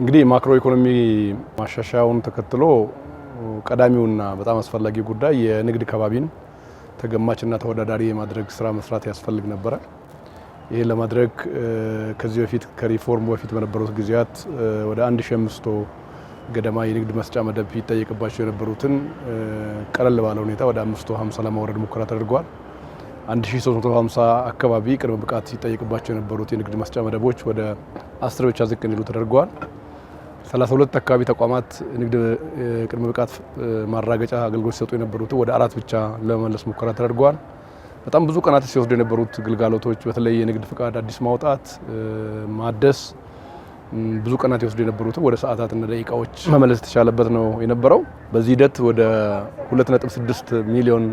እንግዲህ ማክሮ ኢኮኖሚ ማሻሻያውን ተከትሎ ቀዳሚውና በጣም አስፈላጊ ጉዳይ የንግድ ከባቢን ተገማችና ተወዳዳሪ የማድረግ ስራ መስራት ያስፈልግ ነበረ። ይህን ለማድረግ ከዚህ በፊት ከሪፎርም በፊት በነበሩት ጊዜያት ወደ አንድ ሺ አምስት ገደማ የንግድ መስጫ መደብ ይጠየቅባቸው የነበሩትን ቀለል ባለ ሁኔታ ወደ አምስት ሀምሳ ለማውረድ ሙከራ ተደርጓል። 1350 አካባቢ ቅድመ ብቃት ይጠየቅባቸው የነበሩት የንግድ መስጫ መደቦች ወደ አስር ብቻ ዝቅ እንዲሉ ተደርገዋል። 32 አካባቢ ተቋማት ንግድ ቅድመ ብቃት ማራገጫ አገልግሎት ሲሰጡ የነበሩት ወደ አራት ብቻ ለመመለስ ሙከራ ተደርጓል። በጣም ብዙ ቀናት ሲወስዱ የነበሩት ግልጋሎቶች በተለይ የንግድ ፍቃድ አዲስ ማውጣት፣ ማደስ ብዙ ቀናት ይወስዱ የነበሩትን ወደ እና ደቂቃዎች መመለስ የተቻለበት ነው የነበረው። በዚህ ሂደት ወደ 2.6 ሚሊዮን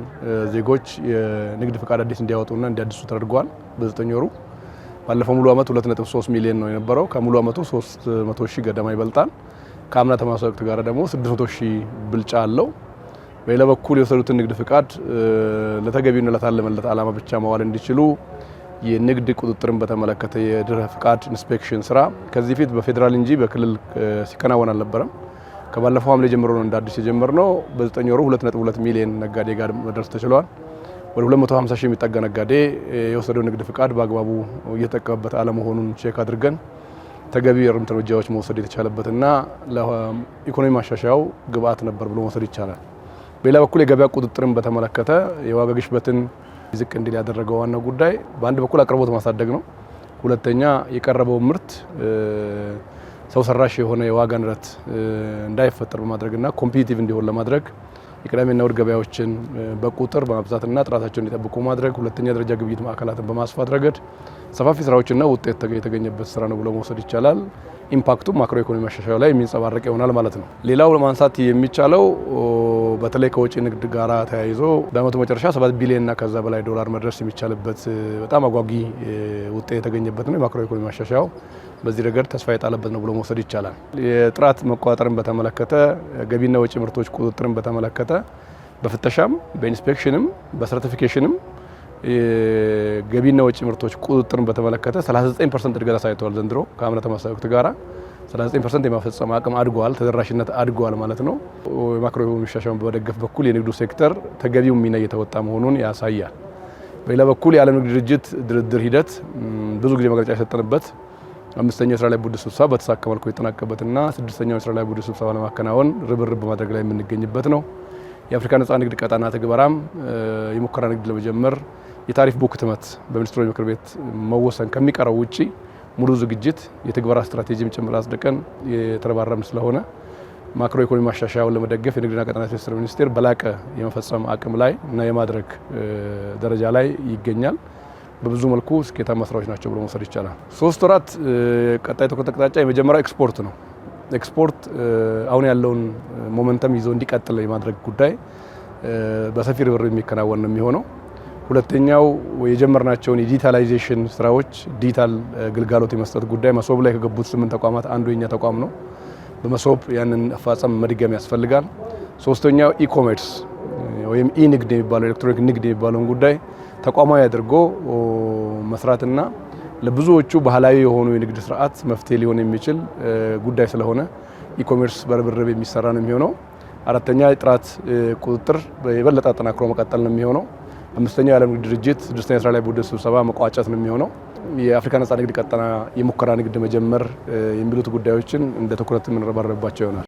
ዜጎች የንግድ ፍቃድ አዲስ እንዲያወጡና እንዲያድሱ ተደርጓል በዘጠኝ ወሩ ባለፈው ሙሉ አመት 2.3 ሚሊዮን ነው የነበረው። ከሙሉ አመቱ 300 ሺህ ገደማ ይበልጣል። ከአምና ተመሳሳይ ወቅት ጋር ደግሞ 600 ሺህ ብልጫ አለው። በሌላ በኩል የወሰዱትን ንግድ ፍቃድ ለተገቢውና ለታለመለት አላማ ብቻ መዋል እንዲችሉ የንግድ ቁጥጥርን በተመለከተ የድረ ፍቃድ ኢንስፔክሽን ስራ ከዚህ ፊት በፌዴራል እንጂ በክልል ሲከናወን አልነበረም። ከባለፈው ሐምሌ ጀምሮ ነው እንደ አዲስ የጀመርነው። በ9 ወሩ 2.2 ሚሊዮን ነጋዴ ጋር መድረስ ተችሏል። ወደ 250 ሺህ የሚጠጋ ነጋዴ የወሰደው ንግድ ፍቃድ በአግባቡ እየተጠቀመበት አለመሆኑን ቼክ አድርገን ተገቢ እርምጃዎች መውሰድ የተቻለበትና ለኢኮኖሚ ማሻሻያው ግብአት ነበር ብሎ መውሰድ ይቻላል። በሌላ በኩል የገበያ ቁጥጥርን በተመለከተ የዋጋ ግሽበትን ዝቅ እንዲል ያደረገው ዋናው ጉዳይ በአንድ በኩል አቅርቦት ማሳደግ ነው። ሁለተኛ የቀረበው ምርት ሰው ሰራሽ የሆነ የዋጋ ንረት እንዳይፈጠር በማድረግና ኮምፒቲቭ እንዲሆን ለማድረግ የቅዳሜና እሁድ ገበያዎችን በቁጥር በማብዛትና ጥራታቸውን እንዲጠብቁ ማድረግ፣ ሁለተኛ ደረጃ ግብይት ማዕከላትን በማስፋት ረገድ ሰፋፊ ስራዎችና ውጤት የተገኘበት ስራ ነው ብሎ መውሰድ ይቻላል። ኢምፓክቱ ማክሮ ኢኮኖሚ መሻሻያ ላይ የሚንጸባረቅ ይሆናል ማለት ነው። ሌላው ማንሳት የሚቻለው በተለይ ከውጭ ንግድ ጋራ ተያይዞ በአመቱ መጨረሻ ሰባት ቢሊዮንና ከዛ በላይ ዶላር መድረስ የሚቻልበት በጣም አጓጊ ውጤት የተገኘበት ነው። የማክሮ ኢኮኖሚ ማሻሻያው በዚህ ረገድ ተስፋ የጣለበት ነው ብሎ መውሰድ ይቻላል። የጥራት መቆጣጠርን በተመለከተ፣ ገቢና ወጪ ምርቶች ቁጥጥርን በተመለከተ በፍተሻም በኢንስፔክሽንም በሰርቲፊኬሽንም ገቢና ወጪ ምርቶች ቁጥጥርን በተመለከተ 39 ፐርሰንት እድገት አሳይተዋል ዘንድሮ ከአምና ተመሳክት ጋራ 39 ፐርሰንት የማፈጸም አቅም አድጓል፣ ተደራሽነት አድጓል ማለት ነው። የማክሮ ኢኮኖሚ በመደገፍ በኩል የንግዱ ሴክተር ተገቢው ሚና እየተወጣ መሆኑን ያሳያል። በሌላ በኩል የዓለም ንግድ ድርጅት ድርድር ሂደት ብዙ ጊዜ መግለጫ የሰጠንበት አምስተኛው የስራ ላይ ቡድን ስብሰባ በተሳካ መልኩ የተጠናቀበትና ስድስተኛው የስራ ላይ ቡድን ስብሰባ ለማከናወን ርብርብ ማድረግ ላይ የምንገኝበት ነው። የአፍሪካ ነጻ ንግድ ቀጣና ትግበራም የሙከራ ንግድ ለመጀመር የታሪፍ ቡክ ትመት በሚኒስትሮች ምክር ቤት መወሰን ከሚቀረው ውጪ ሙሉ ዝግጅት የትግበራ ስትራቴጂም ጭምር አጽድቀን የተረባረብን ስለሆነ ማክሮ ኢኮኖሚ ማሻሻያውን ለመደገፍ የንግድና ቀጠና ትስስር ሚኒስቴር በላቀ የመፈጸም አቅም ላይ እና የማድረግ ደረጃ ላይ ይገኛል። በብዙ መልኩ ስኬታማ ስራዎች ናቸው ብሎ መውሰድ ይቻላል። ሶስት ወራት ቀጣይ ትኩረት አቅጣጫ የመጀመሪያው ኤክስፖርት ነው። ኤክስፖርት አሁን ያለውን ሞመንተም ይዞ እንዲቀጥል የማድረግ ጉዳይ በሰፊ ርብርብ የሚከናወን ነው የሚሆነው። ሁለተኛው የጀመርናቸውን የዲጂታላይዜሽን ስራዎች ዲጂታል ግልጋሎት የመስጠት ጉዳይ መሶብ ላይ ከገቡት ስምንት ተቋማት አንዱ የኛ ተቋም ነው። በመሶብ ያንን አፋጸም መድገም ያስፈልጋል። ሶስተኛው ኢኮሜርስ ወይም ኢ ንግድ የሚባለው ኤሌክትሮኒክ ንግድ የሚባለውን ጉዳይ ተቋማዊ አድርጎ መስራትና ለብዙዎቹ ባህላዊ የሆኑ የንግድ ስርዓት መፍትሄ ሊሆን የሚችል ጉዳይ ስለሆነ ኢኮሜርስ በርብርብ የሚሰራ ነው የሚሆነው። አራተኛ የጥራት ቁጥጥር የበለጠ አጠናክሮ መቀጠል ነው የሚሆነው። አምስተኛው የዓለም ንግድ ድርጅት ስድስተኛ ስራ ላይ ቡድን ስብሰባ መቋጨት ነው የሚሆነው። የአፍሪካ ነጻ ንግድ ቀጠና የሙከራ ንግድ መጀመር የሚሉት ጉዳዮችን እንደ ትኩረት የምንረባረብባቸው ይሆናል።